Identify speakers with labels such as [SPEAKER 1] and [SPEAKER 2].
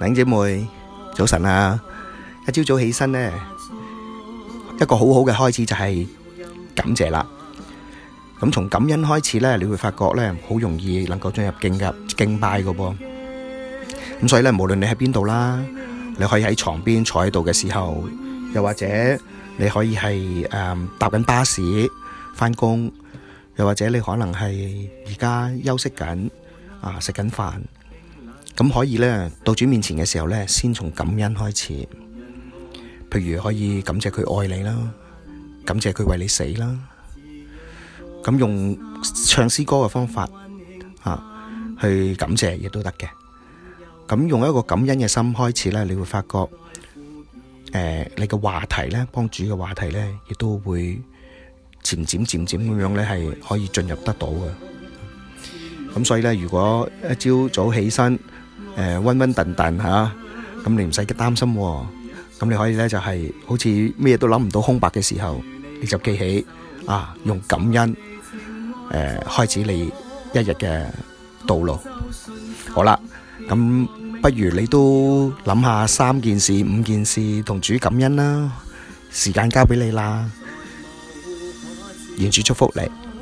[SPEAKER 1] 靚姐妹，早晨啊！一朝早起身咧，一個好好嘅開始就係感謝啦。咁從感恩開始咧，你會發覺咧，好容易能夠進入敬嘅敬拜嘅噃。咁所以咧，無論你喺邊度啦，你可以喺床邊坐喺度嘅時候，又或者你可以係誒搭緊巴士返工，又或者你可能係而家休息緊啊食緊飯。咁可以咧，到主面前嘅時候咧，先從感恩開始。譬如可以感謝佢愛你啦，感謝佢為你死啦。咁用唱詩歌嘅方法啊，去感謝亦都得嘅。咁用一個感恩嘅心開始咧，你會發覺，誒，你嘅話題咧，幫主嘅話題咧，亦都會漸漸漸漸咁樣咧，係可以進入得到嘅。咁所以咧，如果一朝早起身，誒，溫溫頓頓吓，咁你唔使擔心，咁你可以咧就係，好似咩都諗唔到空白嘅時候，你就記起，啊，用感恩，誒，開始你一日嘅道路。好啦，咁不如你都諗下三件事，五件事同主感恩啦，
[SPEAKER 2] 時間交俾你啦，願主祝福你。